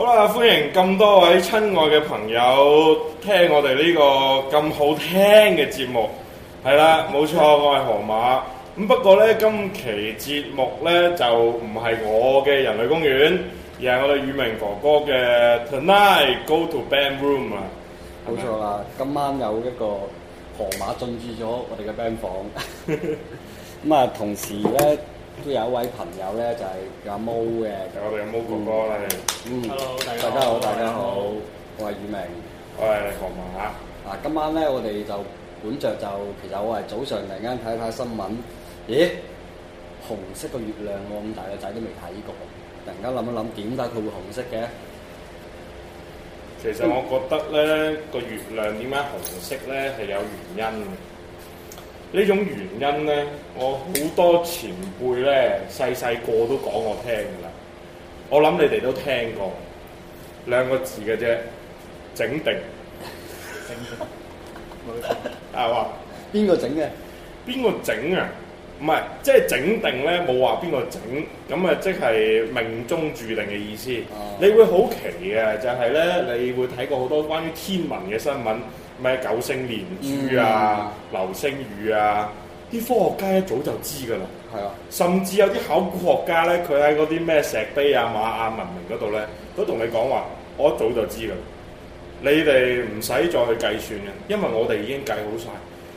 好啦，歡迎咁多位親愛嘅朋友聽我哋呢個咁好聽嘅節目。係啦，冇錯，我係河馬。咁不過呢，今期節目呢就唔係我嘅《人類公園》，而係我哋宇明哥哥嘅 Tonight Go To Band Room 啊！冇錯啦，今晚有一個河馬進駐咗我哋嘅 band 房。咁啊，同時呢。都有一位朋友咧，就係阿毛嘅。我哋阿毛哥哥嚟。嗯，Hello，大家好，大家好，我係宇明，我係何文雅。嗱，今晚咧，我哋就本着就，其實我係早上突然間睇一睇新聞，咦，紅色嘅月亮喎，我咁大個仔都未睇過，突然間諗一諗，點解佢會紅色嘅？其實我覺得咧，個月亮點解紅色咧，係有原因。呢種原因咧，我好多前輩咧細細個都講我聽噶啦。我諗你哋都聽過兩個字嘅啫，整定。啊，話邊個整嘅？邊個整啊？唔係，即係整定咧，冇話邊個整。咁啊，即係命中注定嘅意思。啊、你會好奇嘅就係、是、咧，你會睇過好多關於天文嘅新聞。咩九星連珠啊、流、嗯、星雨啊，啲科學家一早就知㗎啦。係啊，甚至有啲考古學家咧，佢喺嗰啲咩石碑啊、瑪雅、啊、文明嗰度咧，都同你講話，我一早就知㗎啦。你哋唔使再去計算嘅，因為我哋已經計好晒。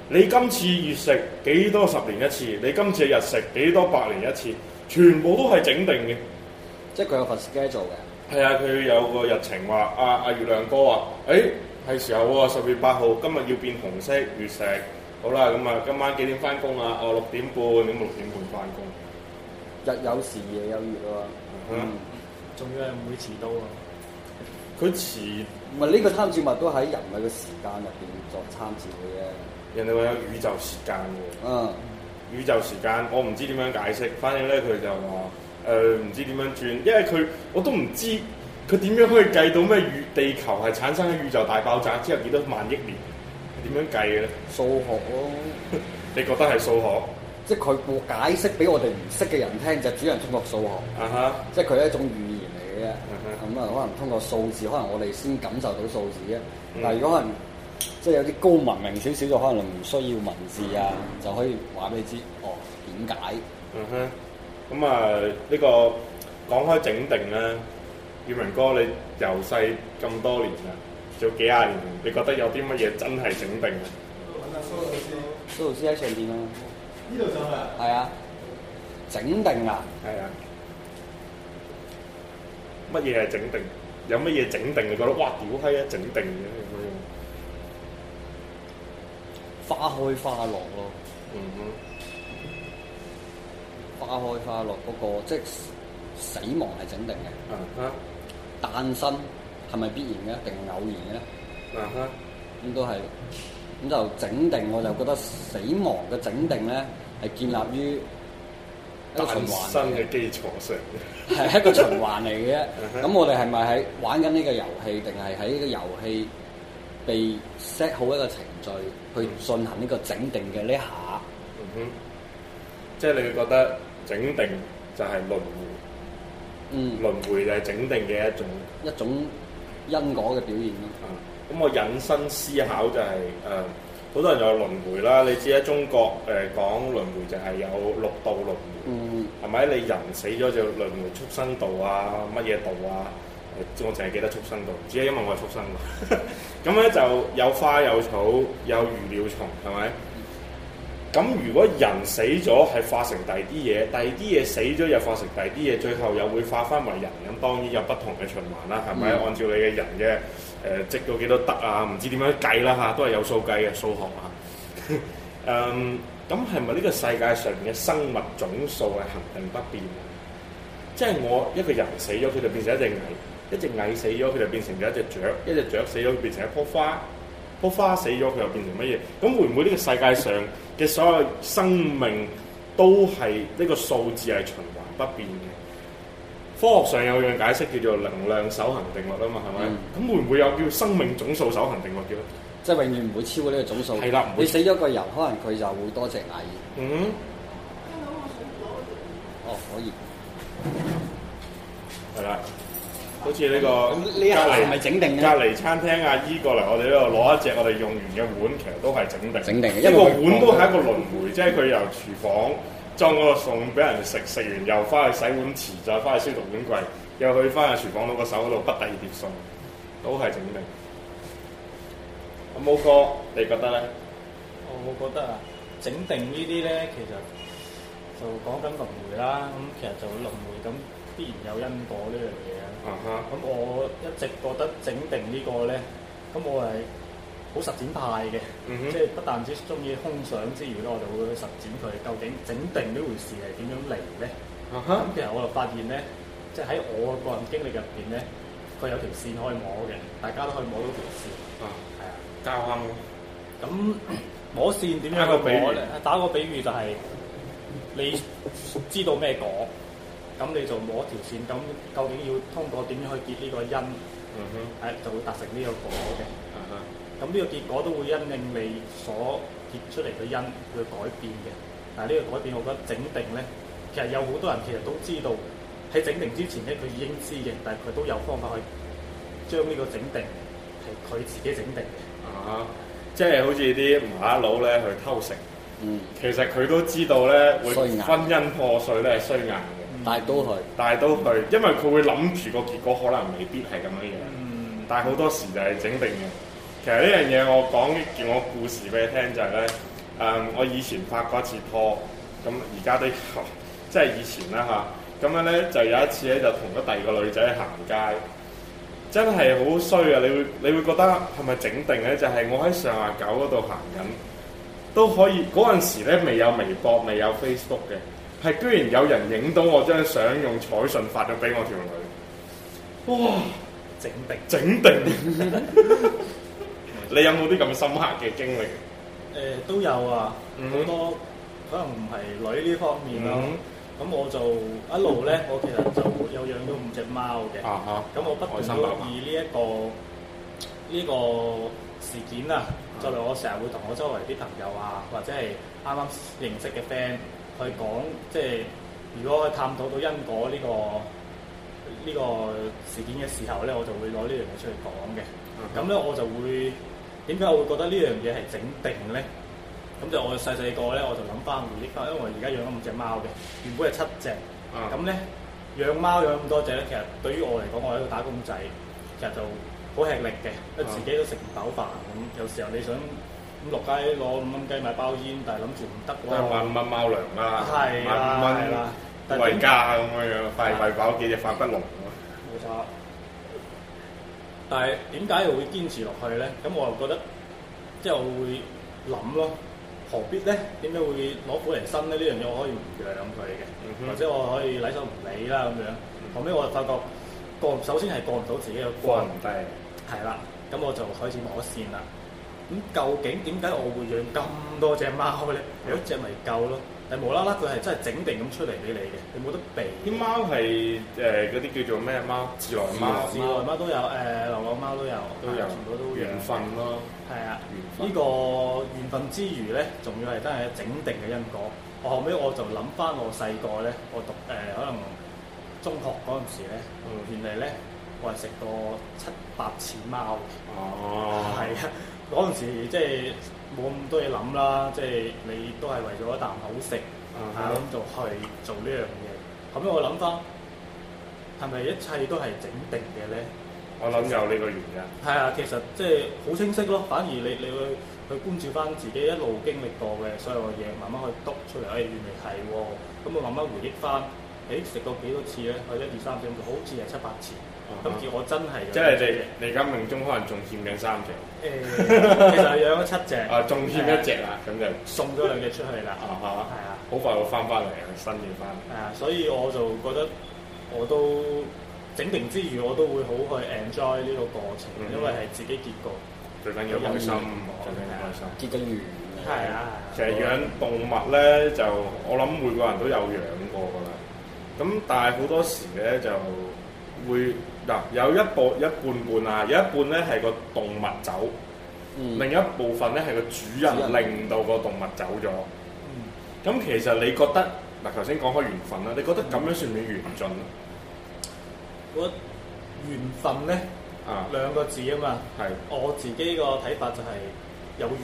你今次月食幾多十年一次？你今次日食幾多百年一次？全部都係整定嘅。即係佢有份 schedule 做嘅。係啊，佢有個日程話，阿、啊、阿、啊、月亮哥啊。欸、誒。係時候喎，十月八號，今日要變紅色月食。好啦，咁啊，今晚幾點翻工啊？哦，六點半，咁六點半翻工。日有時，夜有月咯、啊。嗯。仲要係唔會遲到啊？佢遲，唔係呢個參照物都喺人類嘅時間入邊作參照嘅啫。人哋話有宇宙時間嘅。嗯。宇宙時間，我唔知點樣解釋。反正咧，佢就話，誒、呃，唔知點樣轉，因為佢我都唔知。佢點樣可以計到咩宇地球係產生喺宇宙大爆炸之後幾多萬億年？點樣計嘅咧？數學咯、啊， 你覺得係數學？即係佢解釋俾我哋唔識嘅人聽，就是、主人通過數學。啊哈、uh！Huh. 即係佢係一種語言嚟嘅啫。咁啊、uh huh. 嗯，可能通過數字，可能我哋先感受到數字嘅。但係如果可能，即係有啲高文明少少，就可能唔需要文字啊，uh huh. 就可以話俾你知。哦，點解？哼、uh。咁、huh. 啊，呢、這個講開整定咧。宇文哥，你由細咁多年啦，做幾廿年，你覺得有啲乜嘢真係整定蘇啊？蘇老師喺上面咯，呢度上去啊？係啊。整定啊？係啊。乜嘢係整定？有乜嘢整定你覺得？哇！屌閪啊！整定嘅花開花落咯。嗯哼。花開花落嗰個，即係死亡係整定嘅。Uh huh. 誕生係咪必然嘅，定偶然嘅咧？咁、uh huh. 都係，咁就整定我就覺得死亡嘅整定咧，係建立於一個循環嘅基礎上嘅。係 一個循環嚟嘅。咁我哋係咪喺玩緊呢個遊戲，定係喺呢個遊戲被 set 好一個程序去進行呢個整定嘅呢下？Uh huh. 即係你哋覺得整定就係輪迴。嗯，輪迴就係整定嘅一種，一種因果嘅表現咯。咁、嗯、我引申思考就係、是、誒，好、嗯、多人有輪迴啦。你知喺中國誒講、呃、輪迴就係有六道輪迴，係咪、嗯？你人死咗就輪迴畜生道啊，乜嘢道啊？我淨係記得畜生道，只係因為我係畜生嘛。咁咧 就有花有草有魚鳥蟲，係咪？咁如果人死咗，係化成第二啲嘢，第二啲嘢死咗又化成第二啲嘢，最後又會化翻為人咁，當然有不同嘅循環啦，係咪？嗯、按照你嘅人嘅誒、呃、積到幾多得啊？唔知點樣計啦嚇，都係有數計嘅數學啊。 嗯，咁係咪呢個世界上嘅生物總數係恒定不變啊？即係我一個人死咗，佢就變成一隻蟻；一隻蟻死咗，佢就變成咗一隻雀；一隻雀死咗，變成一樖花。棵花死咗，佢又變成乜嘢？咁會唔會呢個世界上嘅所有生命都係呢個數字係循環不變嘅？科學上有樣解釋叫做能量守恒定律啊嘛，係咪？咁、嗯、會唔會有叫生命總數守恒定律叫？即係永遠唔會超過呢個總數。係啦，會你死咗個人，可能佢就會多隻蟻。嗯。哦，可以。係啦。好似呢個隔離係咪整定咧？隔離餐廳阿姨過嚟，我哋呢度攞一隻，我哋用完嘅碗其實都係整定。整定，一個碗都係一個輪迴，即係佢由廚房裝嗰個餸俾人食，食完又翻去洗碗池，再翻去消毒碗櫃，又去翻去廚房攞個手嗰度畢第二碟餸，都係整定。阿毛、嗯啊、哥，你覺得咧？我覺得啊，整定呢啲咧，其實就講緊輪迴啦。咁其實就輪迴咁，必然有因果呢樣嘢。咁、uh huh. 我一直覺得整定個呢個咧，咁我係好實踐派嘅，uh huh. 即係不但止中意空想之餘咧，我就會去實踐佢。究竟整定呢回事係點樣嚟咧？咁、uh huh. 其實我就發現咧，即係喺我個人經歷入邊咧，佢有條線可以摸嘅，大家都可以摸到條線。啊、uh，係、huh. 啊的！交下咁摸線點樣去摸咧？打個，打個比喻就係你知道咩果？咁你就摸條線，咁究竟要通過點樣去結呢個因，誒、uh huh. 啊、就會達成呢個果嘅。咁呢、uh huh. 個結果都會因應你所結出嚟嘅因去改變嘅。誒、啊、呢、呢個改變，我覺得整定咧，其實有好多人其實都知道喺整定之前咧，佢已經知嘅，但係佢都有方法去將呢個整定係佢自己整定。啊、uh，即、huh. 係好似啲麻甩佬咧去偷食，嗯、其實佢都知道咧會婚姻破碎咧係衰硬。大都去，大都去，因為佢會諗住個結果，可能未必係咁樣樣。嗯、但係好多時就係整定嘅。其實呢樣嘢，我講叫我故事俾你聽就係、是、咧，誒、嗯，我以前拍過一次拖，咁而家都即係以前啦吓，咁樣咧就有一次咧就同咗第二個女仔行街，真係好衰啊！你會你會覺得係咪整定咧？就係、是、我喺上下九嗰度行緊，都可以嗰陣時咧未有微博，未有 Facebook 嘅。係，居然有人影到我張相，用彩信發咗俾我條女。哇！整定整定，你有冇啲咁深刻嘅經歷？誒、呃，都有啊，好、嗯、多可能唔係女呢方面啦、啊。咁、嗯嗯、我就一路咧，我其實就有養咗五隻貓嘅。啊咁哈我不斷以呢一個呢、這個事件啊，作為我成日會同我周圍啲朋友啊，或者係啱啱認識嘅 friend。去講即係，如果去探討到因果呢個呢個事件嘅時候咧，我就會攞呢、uh huh. 樣嘢出嚟講嘅。咁咧，我就會點解我會覺得呢樣嘢係整定咧？咁就我細細個咧，我就諗翻回憶翻，因為我而家養咗五隻貓嘅，原本係七隻。咁咧、uh huh. 養貓養咁多隻咧，其實對於我嚟講，我喺度打工仔，其實就好吃力嘅，uh huh. 因為自己都食唔飽飯。咁有時候你想。咁落街攞五蚊雞買包煙，但係諗住唔得喎，買五蚊貓糧啦，買五蚊餵家咁樣樣，費餵飽幾隻發不落喎。冇錯，但係點解又會堅持落去咧？咁我又覺得，即係我會諗咯，何必咧？點解會攞苦嚟辛咧？呢樣嘢我可以唔養佢嘅，或者我可以瀨手唔理啦咁樣。後尾我就發覺過，首先係過唔到自己嘅關，係啦，咁我就開始摸了線啦。咁究竟點解我會養咁多隻貓嘅咧？有一隻咪夠咯。係無啦啦，佢係真係整定咁出嚟俾你嘅，你冇得避。啲貓係誒，嗰啲叫做咩貓？自來貓。自來貓都有，誒，流浪貓都有，都有，全部都緣分咯。係啊，緣分。呢個緣分之餘咧，仲要係真係整定嘅因果。我後尾我就諗翻我細個咧，我讀，誒，可能中學嗰陣時咧，原來咧我係食過七八次貓嘅。哦。係啊。嗰陣時即係冇咁多嘢諗啦，即係你都係為咗一啖好食嚇咁做去做呢樣嘢。後尾我諗翻，係咪一切都係整定嘅咧？我諗有呢個原因。係啊，其實即係好清晰咯。反而你你去去觀照翻自己一路經歷過嘅所有嘅嘢，慢慢去篤出嚟，誒原嚟係喎。咁我、哦、慢慢回憶翻，誒食過幾多次咧？去一二三定好似係七八次。咁叫我真係，即係你你而家命中可能仲欠緊三隻，其實養咗七隻，啊仲欠一隻啦，咁就送咗兩隻出去啦，係啊，好快會翻翻嚟新嘅翻嚟，係啊，所以我就覺得我都整定之餘，我都會好去 enjoy 呢個過程，因為係自己結局，最緊要開心，最緊要開心，結得完，係啊，其實養動物咧就我諗每個人都有養過噶啦，咁但係好多時咧就會。嗱，有一部一半半啊，有一半咧係個動物走，嗯、另一部分咧係個主人令到個動物走咗。咁、嗯、其實你覺得嗱，頭先講開緣分啦，你覺得咁樣算唔算緣盡、嗯、緣啊？我緣分咧，兩個字啊嘛。係。我自己個睇法就係有緣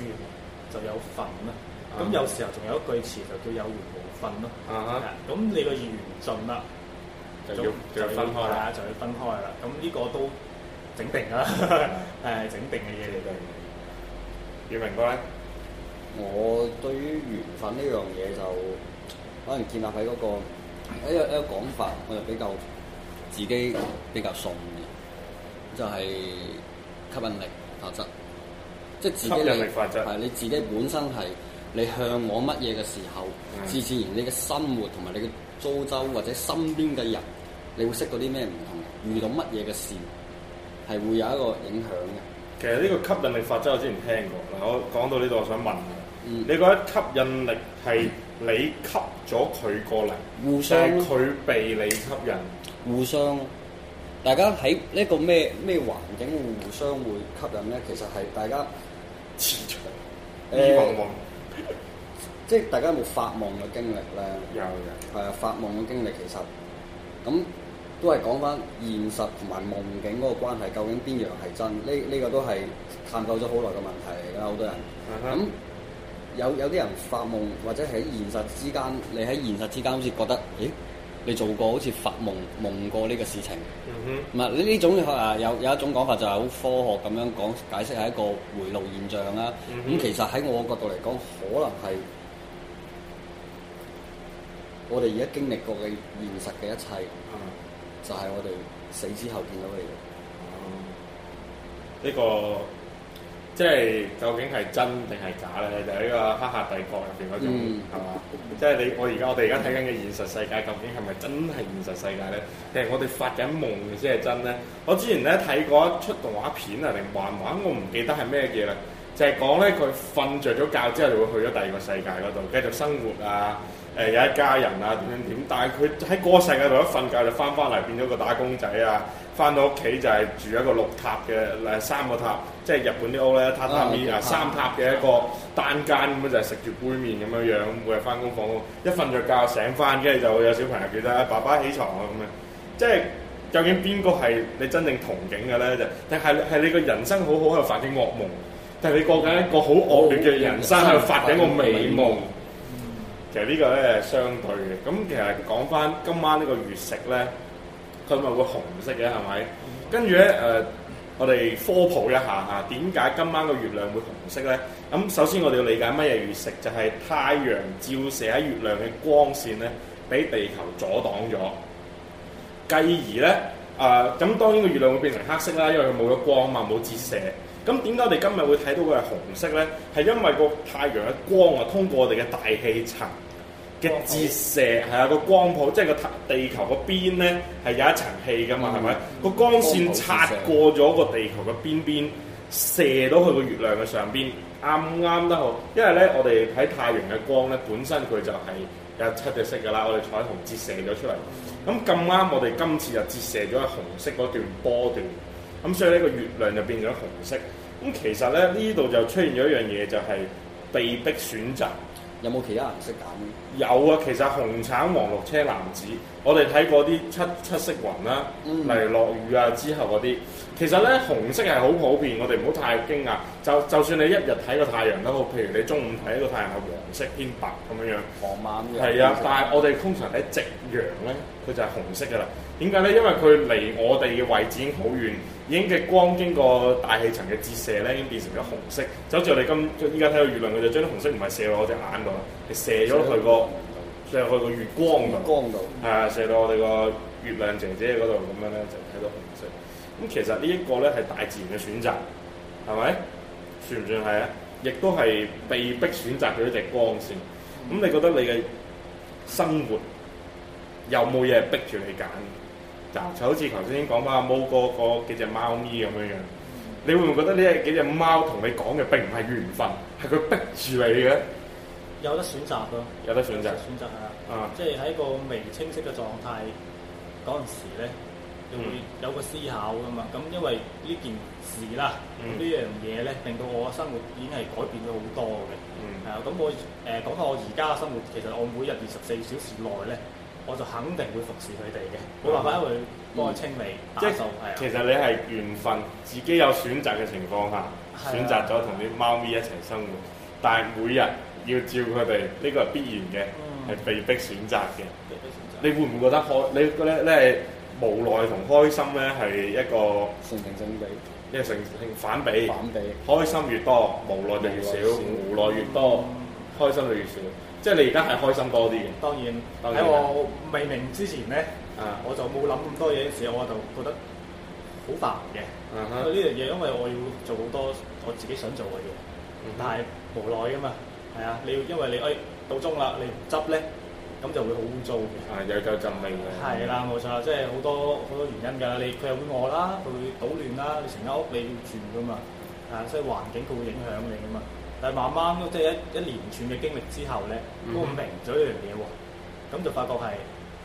就有份啊。咁有時候仲有一句詞就叫有緣無份咯。啊哈。咁你個緣盡啦。就分開啦，就要分開啦。咁呢個都整定啦。誒的， 整定嘅嘢嚟嘅。要明白，我對於緣分呢樣嘢就可能建立喺嗰、那個，有一有一，個一個講法，我就比較自己比較順嘅，就係、是、吸、吸引力法則，即係吸引力法則，係你自己本身係你向往乜嘢嘅時候，嗯、自然然你嘅生活同埋你嘅周遭或者身邊嘅人。你會識到啲咩唔同？遇到乜嘢嘅事係會有一個影響嘅？其實呢個吸引力法則我之前聽過。嗱，我講到呢度，我想問你，嗯、你覺得吸引力係你吸咗佢過嚟，互相，佢被你吸引，互相。大家喺呢個咩咩環境互相會吸引咧？其實係大家磁場。誒，即係大家有冇發夢嘅經歷咧？有嘅人。誒，發夢嘅經歷其實。咁都係講翻現實同埋夢境嗰個關係，究竟邊樣係真？呢、這、呢個都係探究咗好耐嘅問題嚟，好多人。咁、 嗯、有有啲人發夢，或者喺現實之間，你喺現實之間好似覺得，咦？你做過好似發夢夢過呢個事情，唔係呢？呢種啊，有有一種講法就係好科學咁樣講解釋，係一個回路現象啦。咁 其實喺我角度嚟講，可能係。我哋而家經歷過嘅現實嘅一切，嗯、就係我哋死之後見到嘅嘢。呢、嗯呢個即係、就是、究竟係真定係假咧？就係、是、呢個《黑客帝國》入邊嗰種，嘛、嗯？即係、就是、你我而家我哋而家睇緊嘅現實世界，究竟係咪真係現實世界咧？定係我哋發緊夢先係真咧？我之前咧睇過一出動畫片啊，定漫畫，我唔記得係咩嘢啦，就係講咧佢瞓着咗覺之後就會去咗第二個世界嗰度繼續生活啊。誒有一家人啊點點點，但係佢喺個世界度一瞓覺就翻翻嚟，變咗個打工仔啊！翻到屋企就係住一個六塔嘅、誒三個塔，即係日本啲屋咧，榻榻米啊三塔嘅一個單間咁樣就食、是、住杯麪咁樣樣，每日翻工放工，一瞓着覺醒翻，跟住就會有小朋友記得爸爸起床啊咁樣。即係究竟邊個係你真正憧憬嘅咧？就定係係你個人生好好喺度發緊惡夢，定係你過緊一個好惡劣嘅人生喺度、啊、發緊個美夢。其實個呢個咧係相對嘅，咁其實講翻今晚呢個月食咧，佢咪會紅色嘅係咪？跟住咧誒，我哋科普一下嚇，點解今晚個月亮會紅色咧？咁首先我哋要理解乜嘢月食，就係、是、太陽照射喺月亮嘅光線咧，俾地球阻擋咗，繼而咧誒，咁、呃、當然個月亮會變成黑色啦，因為佢冇咗光嘛，冇折射。咁點解我哋今日會睇到佢係紅色咧？係因為個太陽嘅光啊，通過我哋嘅大氣層嘅折射，係啊、哦哦個光譜，即係個地球個邊咧，係有一層氣噶嘛，係咪個光線擦過咗個地球嘅邊邊，射到去個月亮嘅上邊，啱啱都好。因為咧，我哋喺太陽嘅光咧，本身佢就係有七隻色噶啦，我哋彩虹折射咗出嚟。咁咁啱，我哋今次就折射咗紅色嗰段波段，咁所以呢個月亮就變咗紅色。咁其實咧，呢度就出現咗一樣嘢，就係、是、被逼選擇。有冇其他顏色揀？有啊，其實紅橙黃綠青藍紫，我哋睇過啲七七色雲啦，嗯、例如落雨啊之後嗰啲，其實咧紅色係好普遍，我哋唔好太驚訝。就就算你一日睇個太陽都好，譬如你中午睇個太陽係黃色偏白咁樣樣。傍晚嘅。係啊，但係我哋通常睇夕陽咧，佢就係紅色㗎啦。點解咧？因為佢離我哋嘅位置已經好遠，已經嘅光經過大氣層嘅折射咧，已經變成咗紅色。就好似我哋今依家睇到月亮，佢就將啲紅色唔係射落我隻眼度，係射咗去個射去個月光度，係啊，射到我哋個月,月亮姐姐嗰度咁樣咧，就睇到紅色。咁其實呢一個咧係大自然嘅選擇，係咪算唔算係啊？亦都係被逼選擇佢隻光線。咁你覺得你嘅生活有冇嘢係逼住你揀？就好似頭先講翻阿毛哥個幾隻貓咪咁樣樣，你會唔會覺得呢幾隻貓同你講嘅並唔係緣分，係佢逼住你嘅？有得選擇咯。有得選擇。選擇啊。嗯、即係喺一個未清晰嘅狀態嗰陣時咧，你會有個思考㗎嘛。咁因為呢件事啦，事呢樣嘢咧，嗯、令到我嘅生活已經係改變咗好多嘅。嗯。啊，咁我誒講下我而家嘅生活，其實我每日二十四小時內咧。我就肯定會服侍佢哋嘅，冇辦法，因為幫佢清理，即係其實你係緣分，自己有選擇嘅情況下，選擇咗同啲貓咪一齊生活，但係每日要照顧佢哋，呢個係必然嘅，係被逼選擇嘅。被逼選擇。你會唔會覺得開？你咧咧係無奈同開心咧係一個成正比，即係成反比。反比，開心越多，無奈就越少；無奈越多，開心就越少。即係你而家係開心多啲嘅。當然喺我未明之前咧，啊我就冇諗咁多嘢嘅時候，我就覺得好煩嘅。呢樣嘢因為我要做好多我自己想做嘅嘢，但係無奈噶嘛，係啊，你要因為你誒、哎、到鍾啦，你唔執咧，咁就會好污糟嘅。啊，有有陣味嘅。係啦，冇錯，即係好多好多原因㗎。你佢又會餓啦，佢會搗亂啦，你成間屋你要住㗎嘛，啊，所以環境佢會影響你㗎嘛。嗯但係慢慢都即係一一連串嘅經歷之後咧，都明咗一樣嘢喎。咁就、嗯、哼發覺係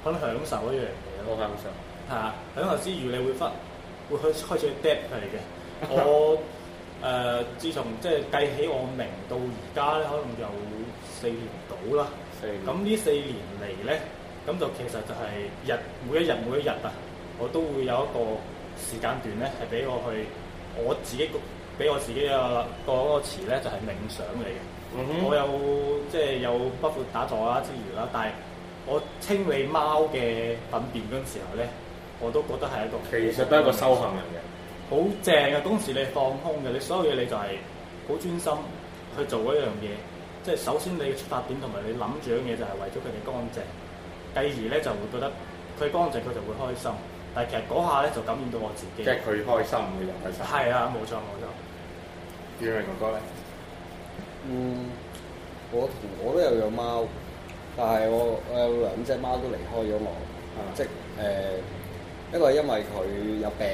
可能享受一樣嘢咯。我享受係啊，享受之餘你會忽會去開始去 dead 佢嚟嘅。 我誒、呃、自從即係計起我明到而家咧，可能有四年到啦。四年。咁呢四年嚟咧，咁就其實就係日每一日每一日啊，我都會有一個時間段咧，係俾我去我自己俾我自己啊個嗰個詞咧就係冥想嚟嘅，嗯、哼我有即係、就是、有包括打坐啦之餘啦，但係我清理貓嘅糞便嗰陣時候咧，我都覺得係一個實一其實都係一個修行嚟嘅，好正嘅，當時你放空嘅，你所有嘢你就係好專心去做一樣嘢，即、就、係、是、首先你嘅出發點同埋你諗住樣嘢就係為咗佢哋乾淨，繼而咧就會覺得佢乾淨佢就會開心。但其實嗰下咧就感染到我自己。即係佢開心，你又開心。係啊，冇錯，冇錯。耀明哥哥咧，嗯，我我都有養貓，但係我誒兩隻貓都離開咗我，啊、即係、呃、一個係因為佢有病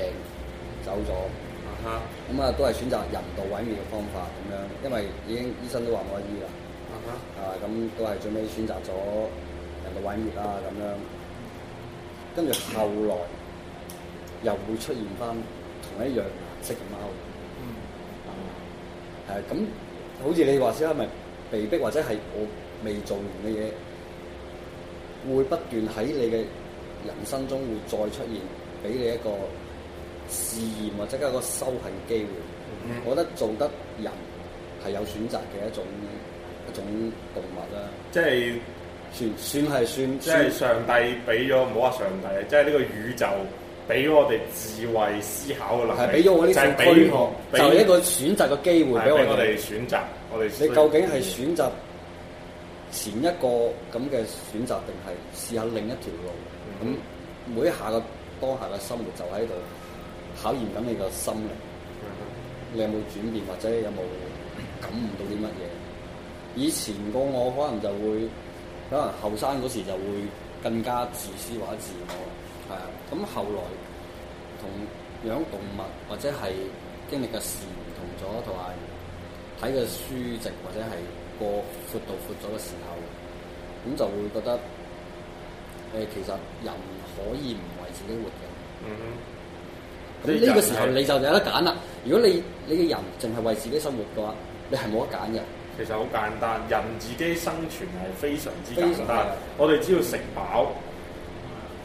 走咗，咁、嗯、啊、嗯嗯、啊都係選擇人道毀滅嘅方法咁樣，因為已經醫生都話冇得醫啦，啊咁、嗯啊嗯啊嗯、都係準備選擇咗人道毀滅啊咁樣，樣，跟住後來。又會出現翻同一樣顏色嘅貓。嗯。咁、嗯、好似你話齋，咪被逼或者係我未做完嘅嘢，會不斷喺你嘅人生中會再出現，俾你一個試驗或者一個修行機會。嗯。我覺得做得人係有選擇嘅一種一種動物啦。即係算算係算。算算即係上帝俾咗，唔好話上帝，即係呢個宇宙。俾我哋智慧思考嘅能力，我就係俾一個選擇嘅機會俾我哋選擇。我哋你究竟係選擇前一個咁嘅選擇，定係試下另一條路？咁、嗯、每一下嘅當下嘅生活就喺度考驗緊你嘅心靈。嗯、你有冇轉變，或者有冇感悟到啲乜嘢？以前個我可能就會可能後生嗰時就會更加自私或者自我。係咁，後來同養動物或者係經歷嘅事唔同咗，同埋睇嘅書籍或者係過闊度闊咗嘅時候，咁就會覺得誒、呃，其實人可以唔為自己活嘅。嗯哼，咁呢個時候你就有得揀啦。如果你你嘅人淨係為自己生活嘅話，你係冇得揀嘅。其實好簡單，人自己生存係非常之簡單。我哋只要食飽。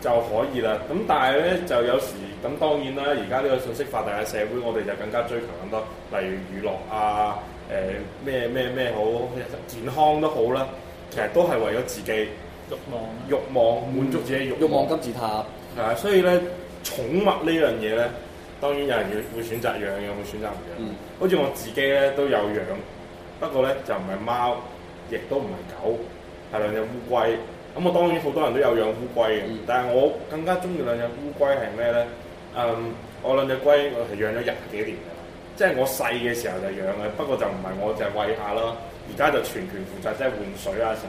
就可以啦。咁但係咧，就有時咁當然啦。而家呢個信息發達嘅社會，我哋就更加追求更多，例如娛樂啊，誒咩咩咩好，健康都好啦。其實都係為咗自己慾望，慾望滿足自己慾慾望金字塔。係啊，所以咧，寵物呢樣嘢咧，當然有人會會選擇養，有人會選擇唔養。嗯。好似我自己咧都有養，不過咧就唔係貓，亦都唔係狗，係兩隻烏龜。咁我當然好多人都有養烏龜嘅，但係我更加中意兩隻烏龜係咩咧？嗯，我兩隻龜我係養咗廿幾年嘅，即係我細嘅時候就養嘅，不過就唔係我淨係餵下咯，而家就全權負責即係換水啊成。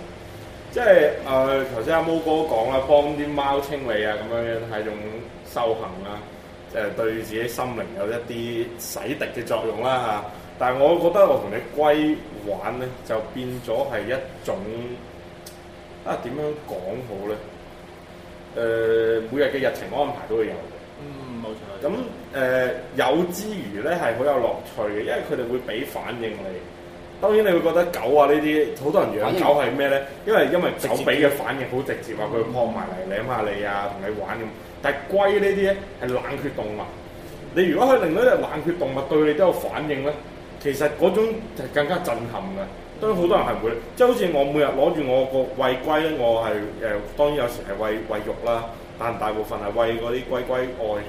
即係誒頭先阿毛哥講啊，幫啲貓清理啊，咁樣樣係用修行啦，即係對自己心靈有一啲洗滌嘅作用啦嚇。但係我覺得我同你龜玩咧就變咗係一種。啊，點樣講好咧？誒、呃，每日嘅日程安排都會有嘅。嗯，冇錯。咁誒，有、呃、之餘咧，係好有樂趣嘅，因為佢哋會俾反應你。當然，你會覺得狗啊呢啲好多人養反應 狗係咩咧？因為因為狗俾嘅接反應好直接啊，佢會撲埋嚟舐下你啊，同你玩咁。但係龜呢啲咧係冷血動物，你如果可以令到啲冷血動物對你都有反應咧，其實嗰種就更加震撼㗎。都好多人係唔會，即係好似我每日攞住我個餵龜咧，我係誒、呃、當然有時係餵餵肉啦，但大部分係餵嗰啲龜龜愛，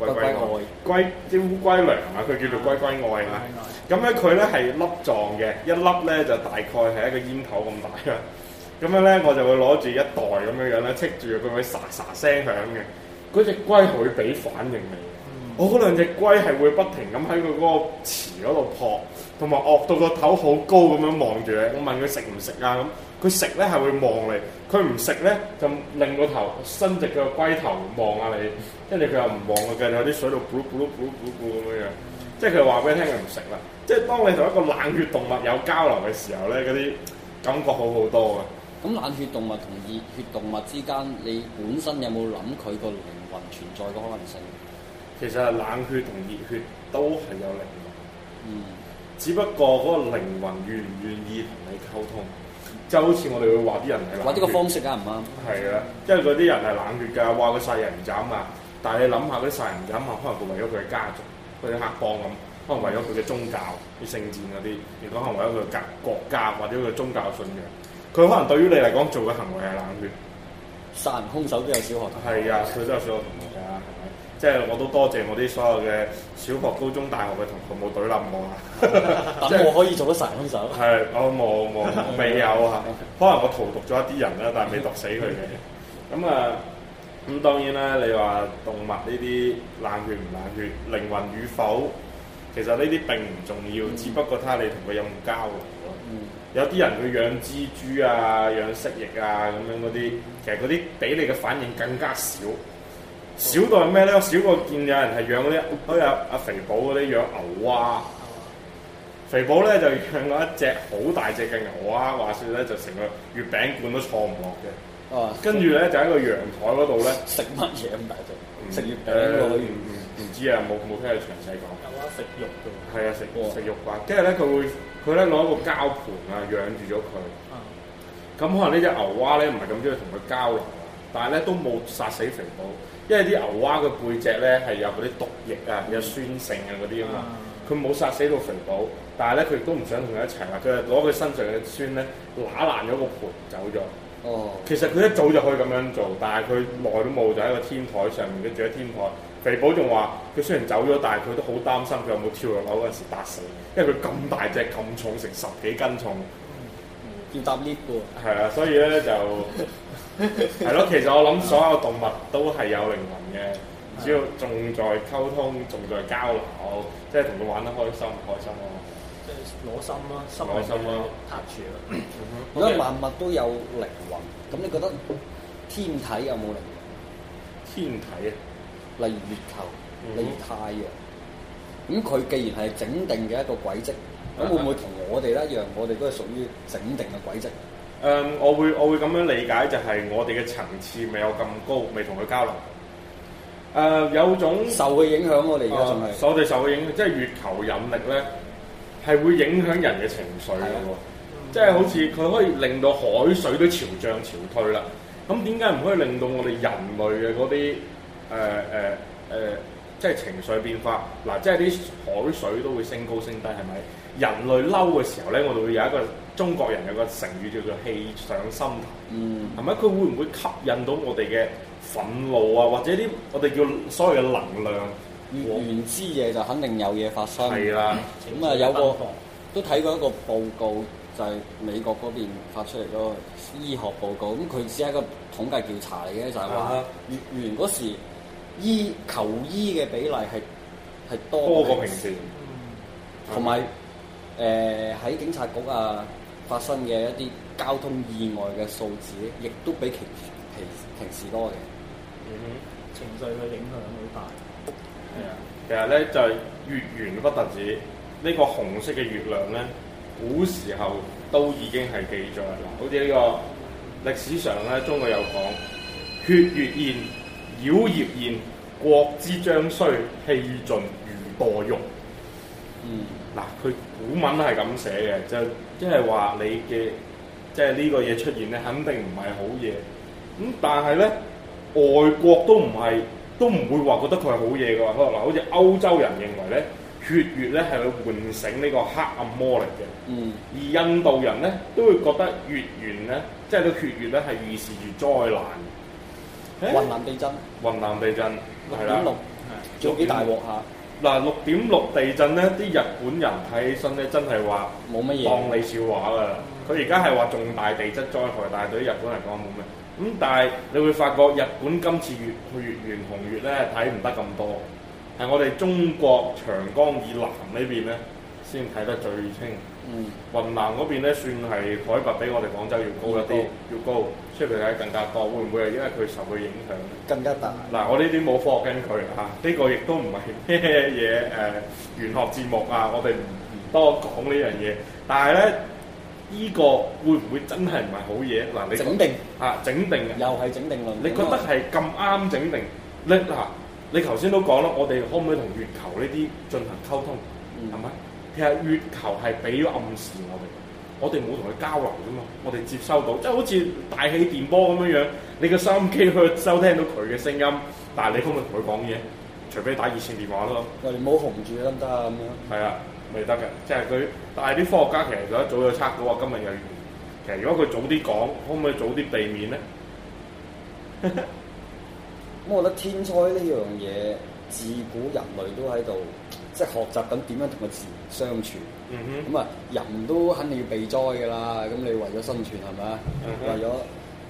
龜龜愛，龜啲烏龜糧啊，佢叫做龜龜愛啦。咁咧佢咧係粒狀嘅，一粒咧就大概係一個煙頭咁大啦。咁樣咧我就會攞住一袋咁樣樣咧，戚住佢會沙沙聲響嘅。嗰隻龜會俾反應你。我嗰兩隻龜係會不停咁喺佢嗰個池嗰度撲，同埋惡到個頭好高咁樣望住你。我問佢食唔食啊？咁佢食咧係會望你，佢唔食咧就擰個頭伸直佢個龜頭望下你。跟住佢又唔望嘅，有啲水度咕碌咕碌咕碌咕咁樣。即係佢話俾你聽，佢唔食啦。即係當你同一個冷血動物有交流嘅時候咧，嗰啲感覺好好多嘅。咁冷血動物同熱血動物之間，你本身有冇諗佢個靈魂存在嘅可能性？其實係冷血同熱血都係有靈魂，嗯，只不過嗰個靈魂願唔願意同你溝通，就好似我哋會話啲人係冷血，話啲個方式梗係唔啱，係啊，因為嗰啲人係冷血㗎，話佢殺人斬啊，但係你諗下嗰啲殺人斬啊，可能為咗佢嘅家族，佢啲黑幫咁，可能為咗佢嘅宗教、啲聖戰嗰啲，亦都可能為咗佢國國家或者佢宗教信仰，佢可能對於你嚟講做嘅行為係冷血，殺人兇手都有小學，係啊的，佢都有小學。的即係我都多謝我啲所有嘅小學、高中、大學嘅同學冇懟冧我啊 是！等我可以做得殺人兇手。係，我冇冇，未有啊。 可能我荼毒咗一啲人啦，但係未毒死佢嘅。咁啊， 咁當然啦，你話動物呢啲冷血唔冷血，靈魂與否，其實呢啲並唔重要，嗯、只不過睇下你同佢有冇交流。嗯、有啲人佢養蜘蛛啊、養蜥蜴啊咁樣嗰啲，其實嗰啲畀你嘅反應更加少。少到係咩咧？少過見有人係養嗰啲，都有阿肥寶嗰啲養牛蛙。肥寶咧就養過一隻好大隻嘅牛蛙，話說咧就成個月餅罐都坐唔落嘅。哦，跟住咧就喺個陽台嗰度咧食乜嘢咁大隻？食月餅罐，唔知啊，冇冇聽佢詳細講。牛蛙食肉㗎。係啊，食食肉㗎，跟住咧佢會佢咧攞一個膠盤啊養住咗佢。咁可能呢隻牛蛙咧唔係咁中意同佢交流，但係咧都冇殺死肥寶。因為啲牛蛙嘅背脊咧係有嗰啲毒液啊，有酸性啊嗰啲啊嘛，佢冇殺死到肥寶，但係咧佢亦都唔想同佢一齊啦，佢就攞佢身上嘅酸咧揦爛咗個盤走咗。哦，其實佢一早就可以咁樣做，但係佢耐都冇，就喺個天台上面，佢住喺天台。肥寶仲話：佢雖然走咗，但係佢都好擔心佢有冇跳落樓嗰陣時打死，因為佢咁大隻咁重，成十幾斤重，要搭 lift 㗎。係、嗯、啊，所以咧就。係咯， 其實我諗所有動物都係有靈魂嘅，只要仲在溝通，仲在交流，即係同佢玩得開心唔開心咯、啊，即係攞心啦、啊，心嚟嘅 touch 咯。因為萬物都有靈魂，咁你覺得天體有冇靈魂？天體啊，例如月球、嗯、例如太陽，咁佢既然係整定嘅一個軌跡，咁會唔會同我哋一樣？我哋都係屬於整定嘅軌跡。誒、um,，我會我會咁樣理解，就係、是、我哋嘅層次未有咁高，未同佢交流。誒、uh,，有種受佢影響，我哋我哋受佢影響，即係月球引力咧，係會影響人嘅情緒嘅喎。即係、嗯、好似佢可以令到海水都潮漲潮退啦。咁點解唔可以令到我哋人類嘅嗰啲誒誒誒，即係情緒變化？嗱、啊，即係啲海水都會升高升低，係咪？人類嬲嘅時候咧，我哋會有一個。中國人有個成語叫做氣上心頭，係咪佢會唔會吸引到我哋嘅憤怒啊？或者啲我哋叫所謂嘅能量？月圓之夜就肯定有嘢發生。係啦的，咁啊、嗯嗯、有個都睇過一個報告，就係、是、美國嗰邊發出嚟嗰個醫學報告。咁佢只係一個統計調查嚟嘅，就係話月圓嗰時醫求醫嘅比例係係多過平時，同埋誒喺警察局啊。發生嘅一啲交通意外嘅數字亦都比其平平時多嘅。嗯，情緒嘅影響好大。係啊、嗯，其實咧就係、是、月圓不特止，呢、這個紅色嘅月亮咧，古時候都已經係記載嗱，好似呢個歷史上咧，中國有講血月現，妖孽現，國之將衰，氣盡如墮玉」。嗯，嗱，佢古文係咁寫嘅就是。即係話你嘅，即係呢個嘢出現咧，肯定唔係好嘢。咁但係咧，外國都唔係，都唔會話覺得佢係好嘢嘅。嗱，好似歐洲人認為咧，血月咧係去喚醒呢個黑暗魔力嘅。嗯。而印度人咧都會覺得月圓咧，即係個血月咧係預示住災難。哎、欸！雲南地震。雲南地震六點六，仲了有幾大鑊下？嗱，六點六地震咧，啲日本人睇起身咧，真係話冇乜嘢，當你笑話啦。佢而家係話重大地質災害，但係對於日本嚟講冇咩。咁但係你會發覺，日本今次月月圓紅月咧睇唔得咁多，係、嗯、我哋中國長江以南呢邊咧先睇得最清。嗯，雲南嗰邊咧算係海拔比我哋廣州要高一啲，一點要高，出嚟睇更加多。嗯、會唔會係因為佢受佢影響更加大？嗱，我呢啲冇科學根據嚇，呢個亦都唔係咩嘢誒玄學節目啊，我哋唔、啊這個啊啊、多講呢樣嘢。但係咧，呢、這個會唔會真係唔係好嘢？嗱、啊，你整定嚇、啊、整定嘅，又係整定論。你覺得係咁啱整定？你嗱、啊，你頭先都講啦，我哋可唔可以同月球呢啲進行溝通？係咪、嗯？其實月球係俾咗暗示我哋，我哋冇同佢交流噶嘛。我哋接收到即係好似大氣電波咁樣樣，你個收音機去收聽到佢嘅聲音，但係你可唔可以同佢講嘢？除非打熱線電話咯。我哋冇紅住得唔得啊？咁樣係啊，未得嘅。即係佢但係啲科學家其實佢一早就測到話今日有雨。其實如果佢早啲講，可唔可以早啲避免咧？咁 我覺得天災呢樣嘢自古人類都喺度即係學習緊點樣同佢治。生存，咁啊、嗯、哼人都肯定要避災㗎啦。咁你為咗生存係咪啊？為咗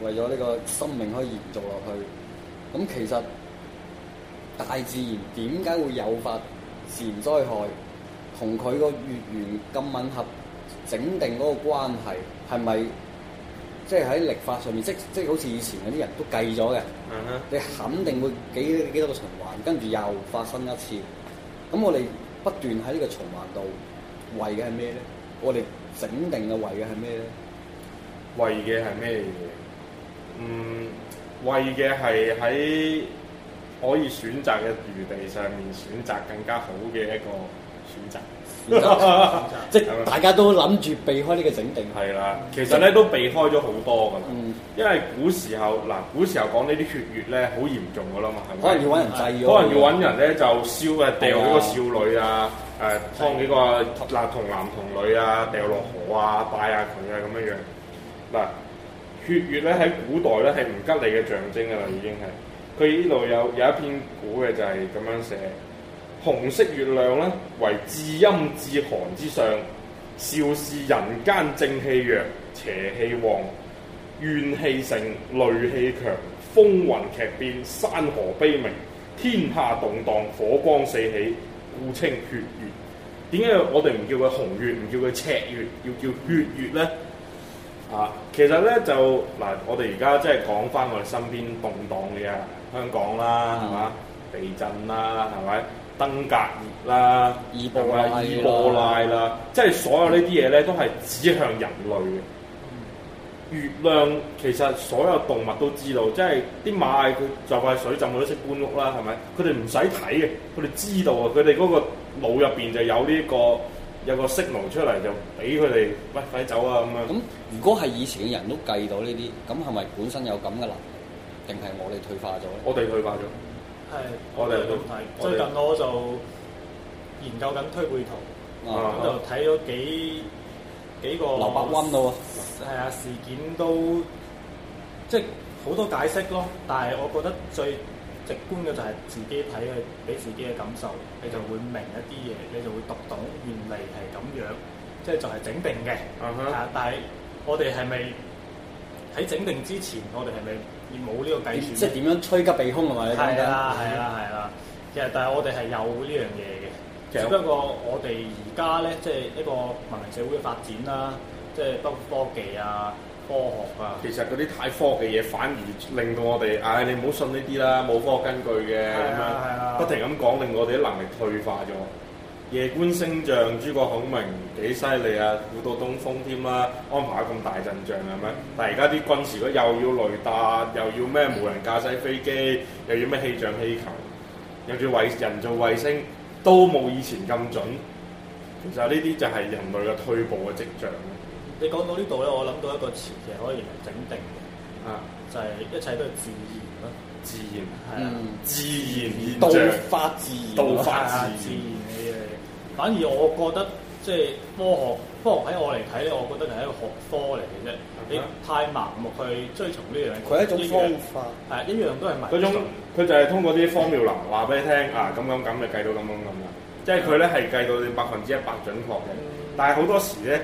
為咗呢個生命可以延續落去。咁其實大自然點解會誘發自然災害，同佢個月圓咁吻合整定嗰個關係係咪？即係喺歷法上面，即即好似以前嗰啲人都計咗嘅。嗯、哼你肯定會幾幾多個循環，跟住又發生一次。咁我哋不斷喺呢個循環度，為嘅係咩咧？我哋整定嘅為嘅係咩咧？為嘅係咩嘢？嗯，為嘅係喺可以選擇嘅餘地上面，選擇更加好嘅一個選擇。 即係大家都諗住避開呢個整定。係啦，其實咧都避開咗好多噶啦。嗯、因為古時候嗱、啊，古時候講呢啲血月咧，好嚴重噶啦嘛，係咪、啊？可能要揾人祭，可能要揾人咧就燒啊，掉呢個少女啊，誒放呢個男童男童女啊，掉落河啊，拜一下佢啊咁樣樣。嗱、啊，血月咧喺古代咧係唔吉利嘅象徵噶啦，已經係。佢呢度有有一篇古嘅就係咁樣寫。紅色月亮咧，為至陰至寒之上，肇示人間正氣弱，邪氣旺，怨氣盛，戾氣強，風雲劇變，山河悲鳴，天下動盪，火光四起，故稱血月。點解我哋唔叫佢紅月，唔叫佢赤月，要叫血月咧？啊，其實咧就嗱，我哋而家即係講返我哋身邊動盪嘅呀，香港啦，係嘛、嗯？地震啦，係咪？登革熱啦，伊波拉、埃博拉啦，即係所有呢啲嘢咧，都係指向人類嘅。嗯、月亮其實所有動物都知道，即係啲馬，佢就係水浸都識搬屋啦，係咪？佢哋唔使睇嘅，佢哋知道啊！佢哋嗰個腦入邊就有呢、這個有個色路出嚟，就俾佢哋，喂、哎，快走啊！咁啊。咁如果係以前嘅人都計到呢啲，咁係咪本身有咁嘅能力，定係我哋退化咗？我哋退化咗。係，對我哋都唔睇。們最近我就研究緊推背圖，咁、oh, oh, oh. 就睇咗幾幾個。劉伯溫咯！係啊，事件都即係好多解釋咯。但係我覺得最直觀嘅就係自己睇嘅，俾自己嘅感受，你就會明一啲嘢，你就會讀懂、oh. 原嚟係咁樣，即係就係、是、整定嘅。啊、oh, oh，但係我哋係咪喺整定之前，我哋係咪？而冇呢個計算即，即係點樣吹吉避凶？係咪等？你講係啦，係啦、啊，係啦、啊。其實但係我哋係有呢樣嘢嘅，其實只不過我哋而家咧，即係一個文明社會發展啦，即係包括科技啊、科學啊。其實嗰啲太科學嘅嘢反而令到我哋，唉、哎，你唔好信呢啲啦，冇科學根據嘅，咁、啊啊、樣不停咁講，令我哋啲能力退化咗。夜觀星象，諸葛孔明幾犀利啊！估到東風添啦，安排咁大陣仗係咪？但係而家啲軍事，如果又要雷達，又要咩無人駕駛飛機，又要咩氣象氣球，又仲要人造衛星，都冇以前咁準。其實呢啲就係人類嘅退步嘅跡象咯。你講到呢度咧，我諗到一個詞，其實可以嚟整定嘅，啊，就係一切都係自然咯，自然，嗯、自然現象，道法自然，道法自然，自然反而我覺得，即係科學，科學喺我嚟睇咧，我覺得就係一個學科嚟嘅啫。的你太盲目去追從呢樣嘢，佢係一種方法，係一樣都係迷信。佢就係通過啲方妙能話俾你聽，嗯、啊咁咁咁，你計到咁樣咁樣，樣，樣，樣，樣，樣。即係佢咧係計到你百分之一百準確嘅。嗯、但係好多時咧，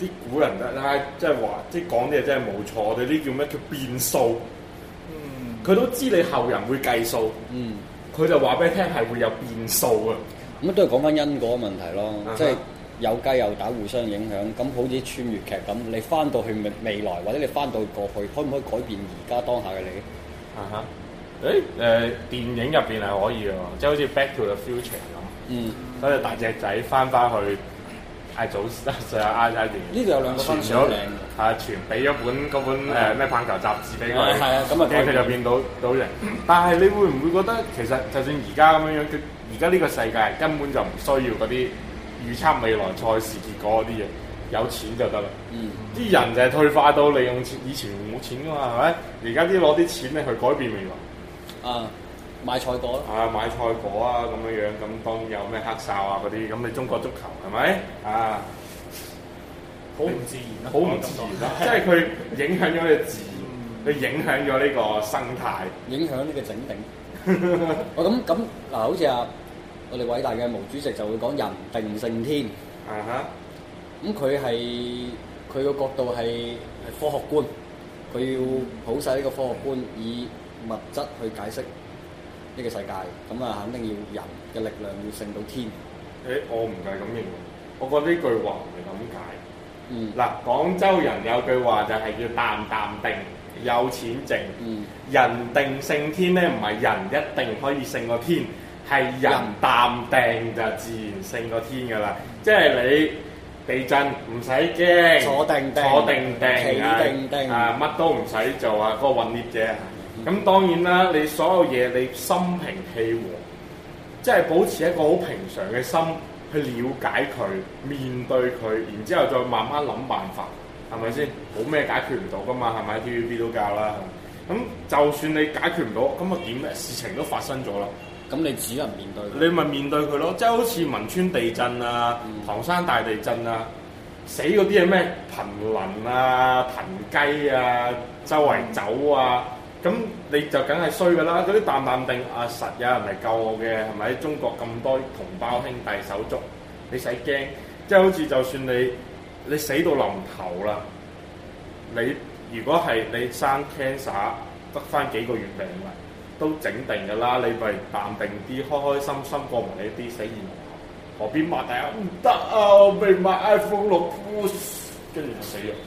啲古人咧，即係話，即係講啲嘢真係冇錯。我哋啲叫咩叫變數？嗯，佢都知你後人會計數。嗯，佢就話俾你聽係會有變數嘅。咁都係講翻因果問題咯，嗯、哼即係有雞有蛋互相影響。咁好似穿越劇咁，你翻到去未未來，或者你翻到過去，可唔可以改變而家當下嘅你？啊哈、嗯！誒誒，電影入邊係可以嘅喎，即係好似《Back to the Future》咁，所以、嗯、大隻仔翻翻去係早上阿阿年，呢度有兩個分場，係傳俾咗本嗰、啊、本誒咩、 呃、棒球雜誌俾佢，咁啊驚佢就變到到人。嗯、但係你會唔會覺得其實就算而家咁樣樣？而家呢個世界根本就唔需要嗰啲預測未來賽事結果嗰啲嘢，有錢就得啦。嗯，啲人就係退化到利用以前冇錢噶嘛，係咪？而家啲攞啲錢咧去改變未來。啊，買菜果啊，買菜果啊，咁樣樣，咁當然有咩黑哨啊嗰啲，咁你中國足球係咪？啊，好唔自然，好唔自然啦，即係佢影響咗嘅自然，佢影響咗呢個生態，影響呢個整定。我咁咁嗱，好似阿。我哋偉大嘅毛主席就會講人定勝天。啊哈、uh！咁佢係佢個角度係科學觀，佢要普曬呢個科學觀以物質去解釋呢個世界。咁啊，肯定要人嘅力量要勝到天。誒、哎，我唔係咁認為，我覺得呢句話唔係咁解。嗯。嗱，廣州人有句話就係叫「淡淡定，有錢剩」。嗯。人定勝天咧，唔係、嗯、人，人一定可以勝個天。係人淡定就自然勝個天噶啦，即係你地震唔使驚，坐定定，坐定定，定定啊，乜都唔使做啊，個混捏啫。咁當然啦，你所有嘢你心平氣和，即係保持一個好平常嘅心去了解佢，面對佢，然之後再慢慢諗辦法，係咪先？冇咩，嗯，解決唔到噶嘛，係咪？TVB 都教啦。咁就算你解決唔到，咁啊點咧？事情都發生咗啦。咁你只能面對佢，你咪面對佢咯，即係好似汶川地震啊、唐山大地震啊，死嗰啲係咩頻輪啊、騰雞啊，周圍走啊，咁你就梗係衰噶啦！嗰啲淡淡定啊，實有人嚟救我嘅，係咪？中國咁多同胞兄弟手足，嗯、你使驚？即係好似就算你你死到臨頭啦，你如果係你生 cancer 得翻幾個月命都整定㗎啦，你咪淡定啲，開開心心過埋呢啲死而無憾，何必麻煩啊？唔得啊，我未買 iPhone 六 Plus，呃、跟住就死咗。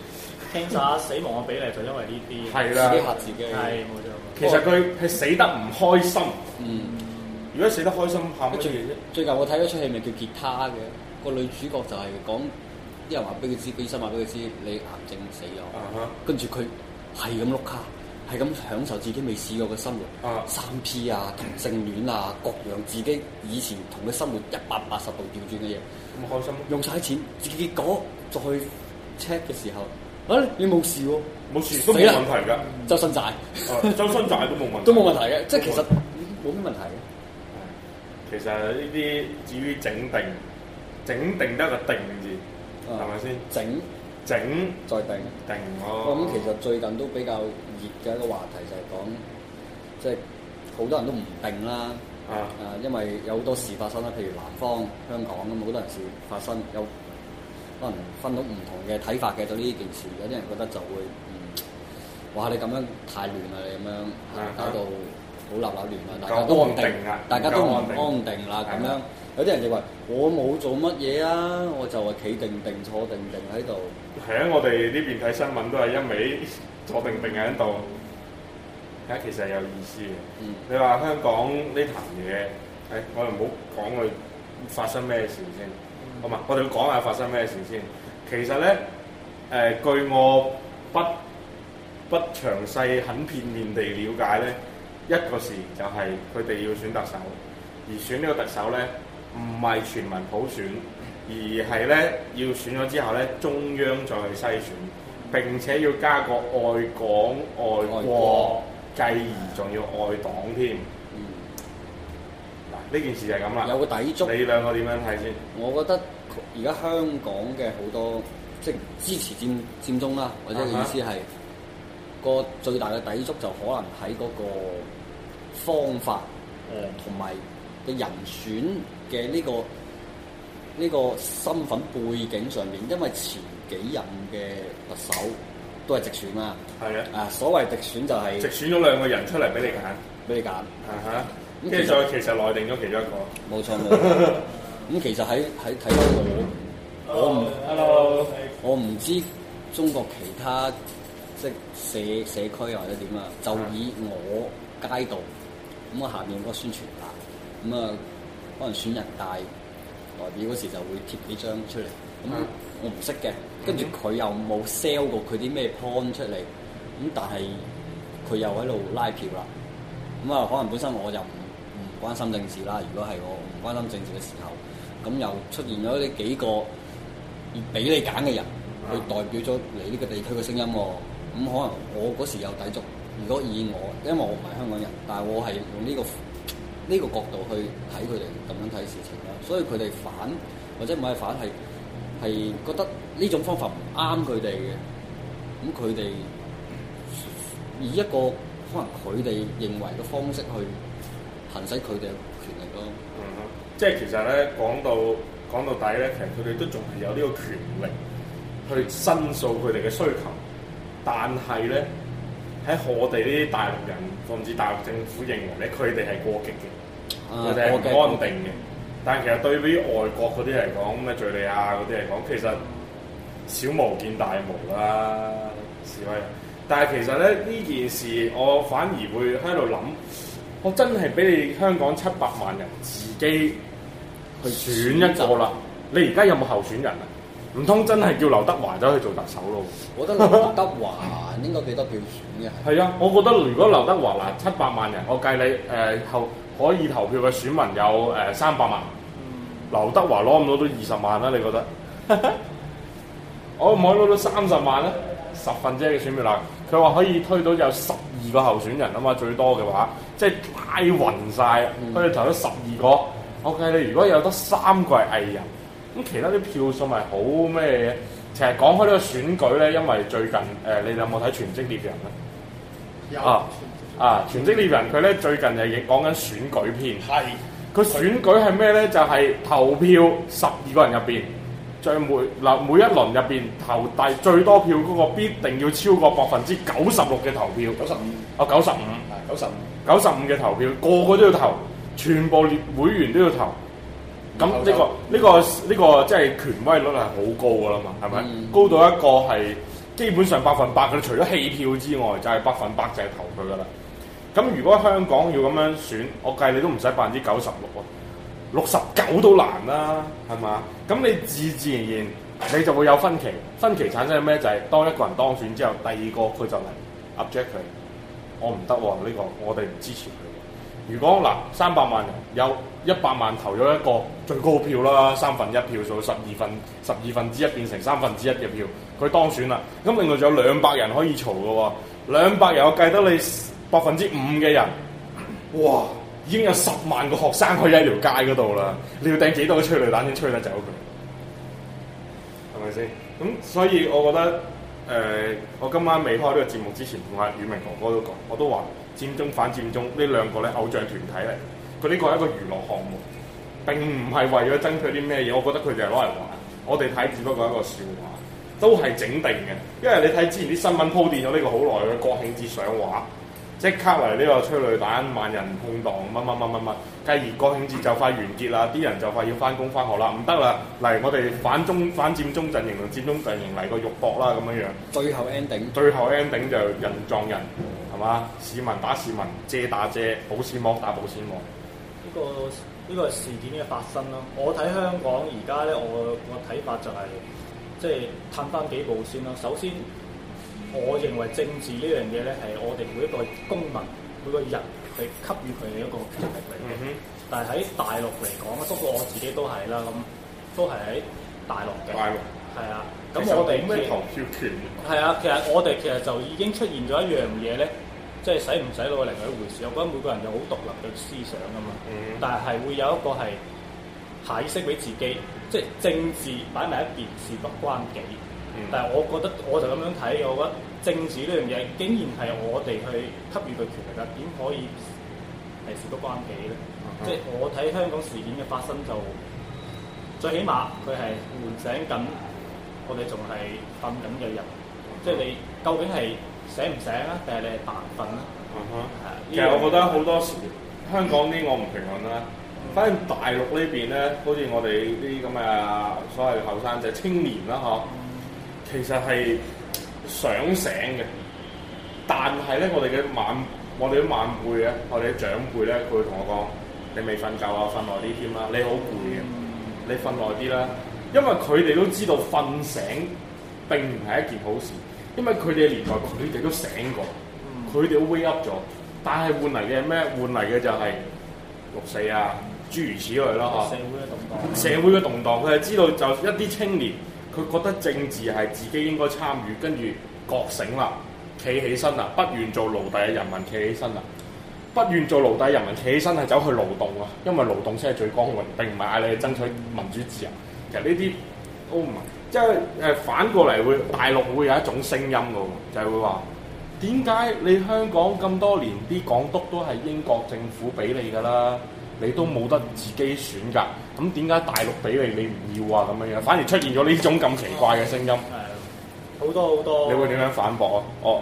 聽曬死亡嘅比例就因為呢啲，的自己嚇自己。係冇錯。錯其實佢係 Okay. 死得唔開心。嗯。如果死得開心，怕乜嘢啫？最近我睇咗出戲，咪叫吉他嘅，個女主角就係講，啲人話俾佢知，醫生話俾佢知，你癌症死咗，跟住佢係咁碌卡。Huh. 係咁享受自己未試過嘅生活，三 P 啊，同性戀啊，各樣自己以前同佢生活一百八十度調轉嘅嘢，咁開心，用曬錢，結果再 check 嘅時候，啊，你冇事喎，冇事都冇問題㗎，周身債，周身債都冇都冇問題嘅，即係其實冇咩問題嘅。其實呢啲至於整定，整定得係個定字，係咪先？整整再定定喎。咁其實最近都比較。嘅一個話題就係講，即係好多人都唔定啦，啊，因為有好多事發生啦，譬如南方、香港咁好多人事發生，有可能分到唔同嘅睇法嘅對呢件事，有啲人覺得就會，嗯、哇！你咁樣太亂啦，你咁樣搞、啊、到好立立亂啦，啊、大家都唔定啦，啊、不不定大家都唔安定啦，咁樣、啊、有啲人就話我冇做乜嘢啊，我就係企定定、坐定定喺度。係我哋呢邊睇新聞都係一味。坐定定喺度，嚇，其實係有意思嘅。你話香港呢壇嘢，誒、哎，我哋唔好講佢發生咩事先。唔咪、嗯，我哋要講下發生咩事先。其實咧，誒、呃，據我不不詳細、很片面地了解咧，一個事就係佢哋要選特首，而選呢個特首咧，唔係全民普選，而係咧要選咗之後咧，中央再去篩選。並且要加個愛港愛國，外國繼而仲要愛黨添。嗯。嗱，呢件事就係咁啦。有個抵觸。你兩個點樣睇先？我覺得而家香港嘅好多，即係支持佔佔中啦，或者意思係個、uh huh. 最大嘅抵觸就可能喺嗰個方法，誒同埋嘅人選嘅呢、呢個呢、呢個身份背景上面，因為前。幾任嘅特首都係直選啦，係啊，啊所謂直選就係直選咗兩個人出嚟俾你揀，俾你揀，嚇，咁跟住其實內定咗其中一個，冇錯冇錯。咁其實喺喺睇我，我唔，Hello，我唔知中國其他即社社區或者點啊，就以我街道咁啊下面嗰個宣傳板，咁啊可能選人大代表嗰時就會貼幾張出嚟，咁我唔識嘅。跟住佢又冇 sell 過佢啲咩 point 出嚟，咁但係佢又喺度拉票啦，咁、嗯、啊可能本身我就唔唔關心政治啦。如果係我唔關心政治嘅時候，咁、嗯、又出現咗呢幾個要俾你揀嘅人去代表咗你呢個地區嘅聲音，哦，咁、嗯、可能我嗰時有抵觸。如果以我，因為我唔係香港人，但係我係用呢個呢個角度去睇佢哋咁樣睇事情咯。所以佢哋反或者唔係反係。係覺得呢種方法唔啱佢哋嘅，咁佢哋以一個可能佢哋認為嘅方式去行使佢哋嘅權力咯、嗯哼。即係其實咧講到講到底咧，其實佢哋都仲係有呢個權力去申訴佢哋嘅需求，但係咧喺我哋呢啲大陸人，甚至大陸政府認為咧，佢哋係過激嘅，佢哋、啊、安定嘅。但其實對於外國嗰啲嚟講，咩敍利亞嗰啲嚟講，其實小巫見大巫啦，示威。但係其實咧呢件事，我反而會喺度諗，我真係俾你香港七百萬人自己去選一個啦。德你而家有冇候選人啊？唔通真係叫劉德華走去做特首咯？我覺得劉德，德華應該幾多票選嘅係 啊？我覺得如果劉德華嗱七百萬人，我計你誒後。呃可以投票嘅選民有誒三百萬，嗯、劉德華攞唔攞到二十萬啦，啊？你覺得？可 唔可以攞到三十萬咧？十分之一嘅選票啦，佢話可以推到有十二個候選人啊嘛，最多嘅話，即係太暈晒。佢哋投咗十二個。嗯、OK，你如果有得三個係藝人，咁其他啲票數咪好咩嘢？成日講開呢個選舉咧，因為最近誒、呃，你哋有冇睇《全職獵人》咧？啊啊！啊全職獵人佢咧最近又講緊選舉片。係佢是選舉係咩咧？就係、是、投票十二個人入邊，在每嗱每一輪入邊投第最多票嗰個必定要超過百分之九十六嘅投票。九十五啊，九十五。九十五，九十五嘅投票個個都要投，全部獵會員都要投。咁呢後那、這個呢後、這個呢、這個即係、這個、權威率係，好高噶啦嘛，係咪、嗯？高到一個係。基本上百分百佢除咗棄票之外，就係、是、百分百就係投佢噶啦。咁如果香港要咁樣選，我計你都唔使百分之九十六啊，六十九都難啦，係嘛？咁你自自然然你就會有分歧，分歧產生咩？就係、是、當一個人當選之後，第二個佢就嚟 object 佢，我唔得喎，呢個我哋唔支持佢。如果嗱三百萬人有一百萬投咗一個最高票啦，三分一票數，十二分十二分之一變成三分之一嘅票，佢當選啦。咁另外仲有兩百人可以嘈嘅喎，兩百人我計得你百分之五嘅人，哇，已經有十萬個學生佢喺條街嗰度啦。你要掟幾多個催淚彈先吹得走佢？係咪先？咁所以我覺得誒、呃，我今晚未開呢個節目之前同阿宇明哥哥都講，我都話。佔中反佔中兩呢兩個咧偶像團體嚟，佢呢個係一個娛樂項目，並唔係為咗爭取啲咩嘢。我覺得佢哋係攞嚟玩，我哋睇只不過一個笑話，都係整定嘅。因為你睇之前啲新聞鋪墊咗呢個好耐嘅國慶節上畫，即刻嚟呢個催淚彈、萬人空檔、乜乜乜乜乜，繼而國慶節就快完結啦，啲人就快要翻工翻學啦，唔得啦，嚟我哋反中反佔中陣營同佔中陣營嚟個肉搏啦咁樣樣。最後 ending。最後 ending 就人撞人。啊！市民打市民，遮打遮，保鮮膜打保鮮膜。呢、這個呢、這個係事件嘅發生咯。我睇香港而家咧，我個睇法就係、是，即係褪翻幾步先咯。首先，我認為政治呢樣嘢咧，係我哋每一個公民、每個人去給予佢哋一個權力嚟嘅。嗯、哼但係喺大陸嚟講，包括我自己都係啦，咁都係喺大陸嘅。大陸。係啊。咁我哋冇咩投票權。係啊實么，其實我哋其實就已經出現咗一樣嘢咧。即係使唔使腦係另外一回事，我覺得每個人有好獨立嘅思想㗎嘛。但係會有一個係解釋俾自己，即係政治擺埋一邊，事不關己。但係我覺得我就咁樣睇，我覺得政治呢樣嘢，竟然係我哋去給予佢權力嘅，點可以係事不關己咧。即係、uh huh. 我睇香港事件嘅發生就，就最起碼佢係喚醒緊我哋仲係瞓緊嘅人。即係你究竟係？醒唔醒啊？定係你係扮瞓啊？其實、uh huh. 的我覺得好多時香港啲我唔評論啦。嗯、反正大陸呢邊咧，好似我哋啲咁嘅所謂後生仔青年啦，嗬，其實係想醒嘅，但係咧我哋嘅晚我哋啲晚輩咧，我哋啲長輩咧，佢會同我講：你未瞓覺啊，瞓耐啲添啦。你好攰嘅，嗯、你瞓耐啲啦。因為佢哋都知道瞓醒並唔係一件好事。因為佢哋嘅年代，佢哋都醒過，佢哋都 wake up 咗。但係換嚟嘅係咩？換嚟嘅就係六四啊，諸如此類啦。嚇！社會嘅動盪，社會嘅動盪，佢係知道就一啲青年，佢覺得政治係自己應該參與，跟住覺醒啦，企起身啦，不願做奴隸嘅人民，企起身啦，不願做奴隸人民，企起身係走去勞動啊！因為勞動先係最光榮，並唔係嗌你去爭取民主自由。其實呢啲都唔係。即係誒反過嚟會大陸會有一種聲音嘅喎，就係、係、會話點解你香港咁多年啲港督都係英國政府俾你㗎啦，你都冇得自己選㗎，咁點解大陸俾你你唔要啊咁樣樣，反而出現咗呢種咁奇怪嘅聲音？係好多好多。多你會點樣反駁啊？哦。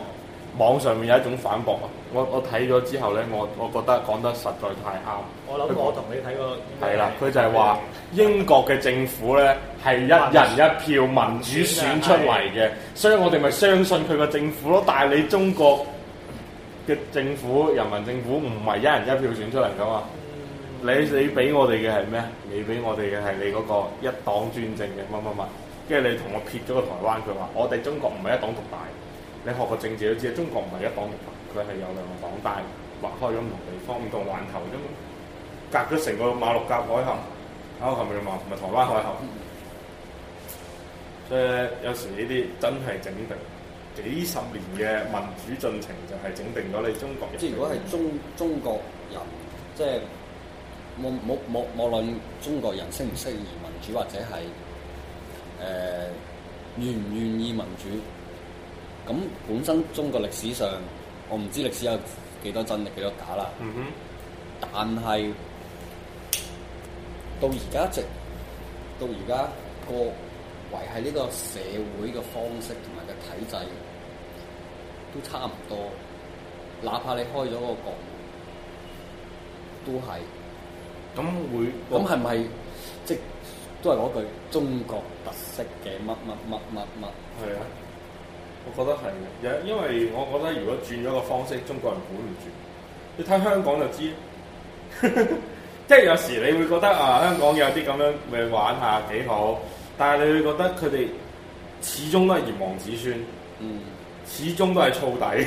網上面有一種反駁啊！我我睇咗之後呢，我我覺得講得實在太啱。我諗想說我同你睇過係啦，佢就係話英國嘅政府呢係 一人一票民主選出嚟嘅，主所以我哋咪相信佢個政府咯。但係你中國嘅政府、人民政府唔係一人一票選出嚟噶嘛？嗯、你你俾我哋嘅係咩？你俾我哋嘅係你嗰個一黨專政嘅乜乜乜，跟住你同我撇咗個台灣，佢話我哋中國唔係一黨獨大。你學過政治都知啊，中國唔係一黨獨大，佢係有兩個黨帶劃開咗唔同地方，唔同環球。啫嘛，隔咗成個馬六甲海峽，啊，係咪唔係台灣海峽？嗯、所以有時呢啲真係整定幾十年嘅民主進程，就係整定咗你中國人。即係如果係中中國人，即係冇冇冇冇論中國人適唔適宜民主或者係誒、呃、願唔願意民主。咁本身中國歷史上，我唔知歷史有幾多真，幾多，多假啦。嗯哼。但係到而家直到而家個維繫呢個社會嘅方式同埋嘅體制都差唔多，哪怕你開咗個國，都係。咁會咁係咪即都係嗰句中國特色嘅乜乜乜乜乜？係啊。我覺得係嘅，因為我覺得如果轉咗個方式，中國人管唔住。你睇香港就知， 即係有時你會覺得啊，香港有啲咁樣咪玩下幾好，但係你會覺得佢哋始終都係炎黃子孫，嗯，始終都係燥底，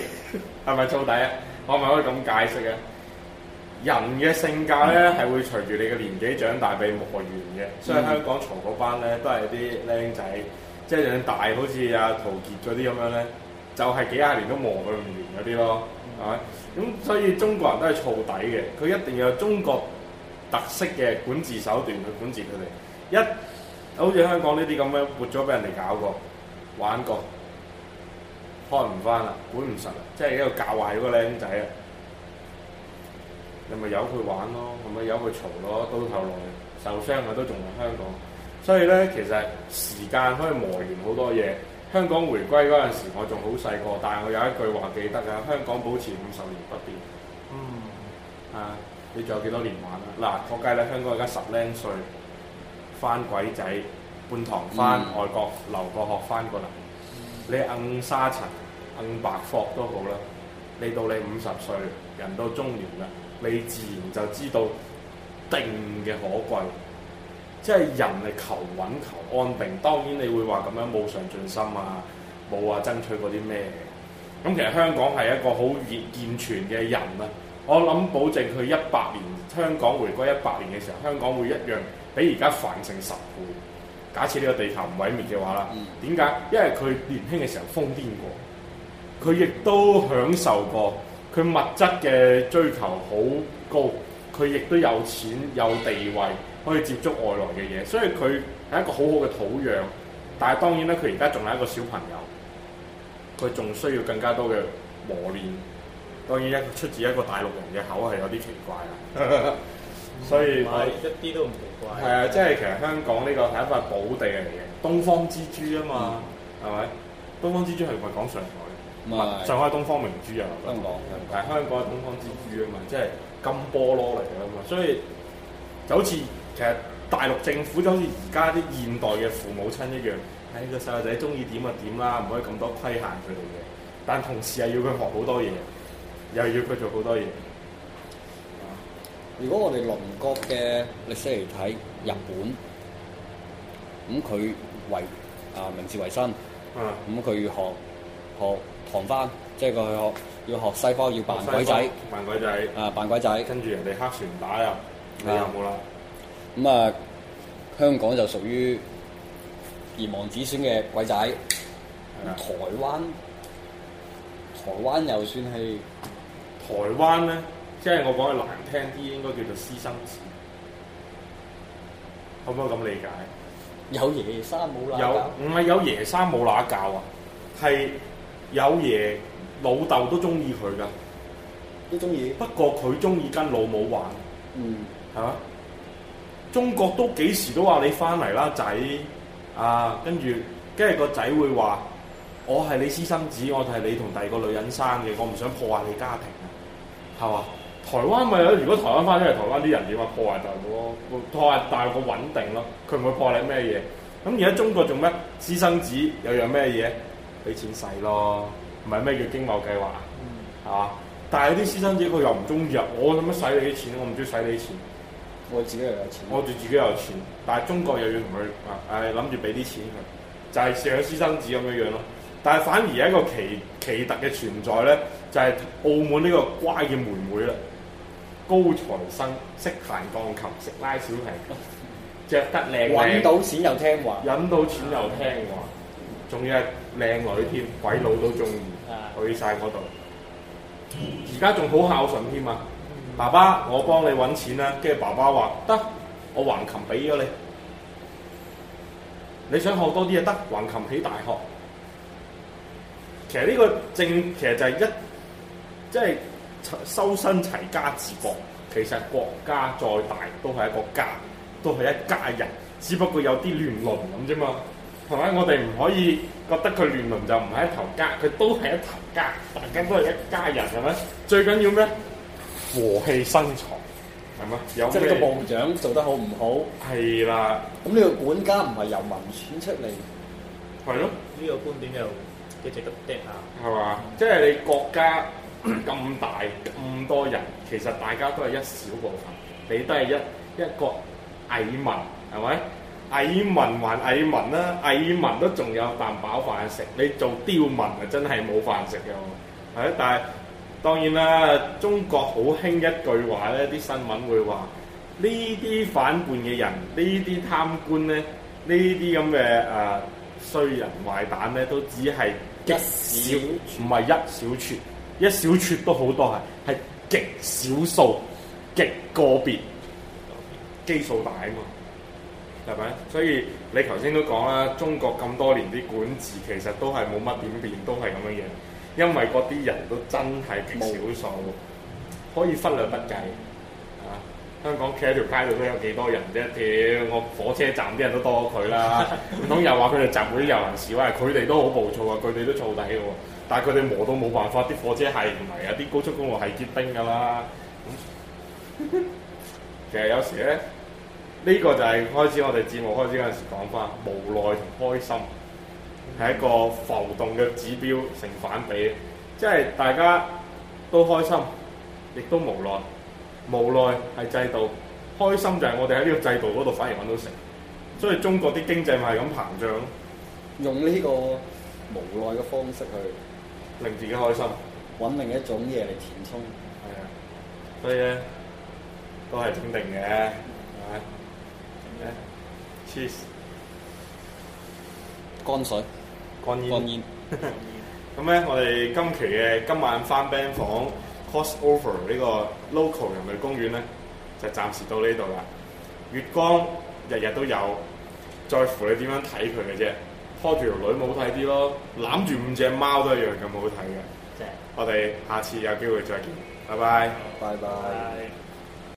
係咪燥底啊？可唔可以咁解釋啊？人嘅性格咧，係、嗯、會隨住你嘅年紀長大被磨圓嘅，嗯、所以香港嘈嗰班咧都係啲僆仔。一樣大，好似阿陶傑嗰啲咁樣咧，就係、是、幾廿年都磨佢唔完嗰啲咯，係咪？咁所以中國人都係燥底嘅，佢一定要有中國特色嘅管治手段去管治佢哋。一好似香港呢啲咁樣活咗俾人哋搞過、玩過，開唔翻啦，管唔實啦，即係喺度教壞嗰個靚仔啊！你咪由佢玩咯，咪由佢嘈咯，到頭來受傷嘅都仲係香港。所以咧，其實時間可以磨完好多嘢。香港回歸嗰陣時，我仲好細個，但係我有一句話記得啊。香港保持五十年不變。嗯啊。啊，你仲有幾多年玩啊？嗱，我計咧，香港而家十零歲，翻鬼仔，半堂翻，外國、嗯、留過學翻過嚟，你硬沙塵、硬白霍都好啦。你到你五十歲，人到中年啦，你自然就知道定嘅可貴。即係人係求穩求安定，當然你會話咁樣冇上進心啊，冇啊爭取過啲咩嘅。咁其實香港係一個好健全嘅人啊！我諗保證佢一百年，香港回歸一百年嘅時候，香港會一樣比而家繁盛十倍。假設呢個地球唔毀滅嘅話啦，點解？因為佢年輕嘅時候瘋癲過，佢亦都享受過，佢物質嘅追求好高，佢亦都有錢有地位。可以接觸外來嘅嘢，所以佢係一個好好嘅土壤。但係當然咧，佢而家仲係一個小朋友，佢仲需要更加多嘅磨練。當然一出自一個大陸人嘅口係有啲奇怪啦。 所以是我一啲都唔奇怪。係啊、嗯，即係其實香港呢個係一塊寶地嚟嘅，東方之珠啊嘛，係咪、嗯？東方之珠係咪講上海？咪是上海係東方明珠啊，香港又唔係香港係東方之珠啊嘛，即、就、係、是、金菠蘿嚟嘅嘛，所以就好似。嗯其實大陸政府就好似而家啲現代嘅父母親一樣，喺、哎個細路仔鍾意點就點啦，唔可以咁多規限佢哋嘅。但同時係要佢學好多嘢，又要佢做好多嘢。如果我哋鄰國嘅歷史嚟睇，日本，咁佢為啊明治維新，咁、呃、佢、嗯、學學唐番，即係佢學要學西方，要扮鬼仔，扮鬼仔，啊、呃、扮鬼仔，跟住人哋黑船打啊，你有冇啦？嗯咁啊、嗯，香港就屬於兒望子孫嘅鬼仔，的台灣，台灣又算係台灣咧，即係我講嘅難聽啲，應該叫做私生子，可唔可以咁理解？有爺生冇乸教，有，唔係有爺生冇乸教啊，係有爺老豆都中意佢㗎，都中意，不過佢中意跟老母玩，嗯，係嘛？中國都幾時都話你翻嚟啦，仔啊，跟住，跟住個仔會話：我係你私生子，我係你同第二個女人生嘅，我唔想破壞你家庭啊，係嘛？台灣咪、就是、如果台灣翻出嚟，台灣啲人點啊破壞大陸咯？破壞大陸嘅穩定咯，佢唔會破壞你咩嘢？咁而家中國做咩私生子又有咩嘢？俾錢使咯，唔係咩叫經貿計劃啊？係嘛？但係啲私生子佢又唔中意啊！我做乜使你啲錢？我唔中意使你啲錢。我自己又有錢，我對自己有錢，有錢但係中國又要同佢誒諗住俾啲錢佢，就係養私生子咁樣樣咯。但係反而有一個奇奇特嘅存在咧，就係、是、澳門呢個乖嘅妹妹啦，高材生，識彈鋼琴，識拉小提琴， 着得靚，揾到錢又聽話，揾到錢又聽話，仲、啊、要係靚女添，啊、鬼佬都中意，啊啊、去晒嗰度，而家仲好孝順添啊！爸爸，我幫你揾錢啦。跟住爸爸話得，我橫琴俾咗你。你想學多啲啊得，橫琴起大學。其實呢個正，其實就係一，即係修身齊家治國。其實國家再大都係一個家，都係一家人。只不過有啲亂倫咁啫嘛。係咪？我哋唔可以覺得佢亂倫就唔係一頭家，佢都係一頭家。大家都係一家人，係咪？最緊要咩？和氣生財，係嘛？有即係個部長做得好唔好？係啦。咁呢個管家唔係由民選出嚟，係咯？呢個觀點又值得 dead 下係嘛？即係你國家咁大咁多人，其實大家都係一小部分，你都係一一個蟻民，係咪？蟻民還蟻民啦，蟻民都仲有啖飽飯食，你做刁民啊，真係冇飯食嘅。係，但係。當然啦，中國好興一句話咧，啲新聞會話呢啲反叛嘅人，貪呢啲貪官咧，呢啲咁嘅誒衰人壞蛋咧，都只係極少，唔係一小撮，一小撮都好多係，係極少數、極個別、基數大啊嘛，係咪？所以你頭先都講啦，中國咁多年啲管治其實都係冇乜點變，都係咁樣嘢。因為嗰啲人都真係極少數，沒可以忽略不計。嗯、啊，香港企喺條街度都有幾多人啫？屌、啊！我火車站啲人都多佢啦。咁又話佢哋集會啲遊行示威，佢哋 都好暴躁啊！佢哋都燥底嘅喎，但係佢哋磨到冇辦法。啲火車係唔係啊？啲高速公路係結冰㗎啦。嗯、 其實有時咧，呢、呢個就係開始我哋節目開始嗰陣時講翻無奈同開心。係一個浮動嘅指標成反比，即係大家都開心，亦都無奈，無奈係制度，開心就係我哋喺呢個制度嗰度反而揾到食，所以中國啲經濟咪係咁膨脹咯。用呢個無奈嘅方式去令自己開心，揾另一種嘢嚟填充，係啊，所以咧都係穩定嘅，係，Cheers。乾水，乾煙，咁咧煙， 我哋今期嘅今晚翻 BAND 房 cross over 呢個 local 人類公園咧，就暫時到呢度啦。月光日日都有，在乎你點樣睇佢嘅啫。拖住條女冇睇啲咯，攬住五隻貓都一樣咁好睇嘅。棒我哋下次有機會再見，拜拜。拜拜。拜拜。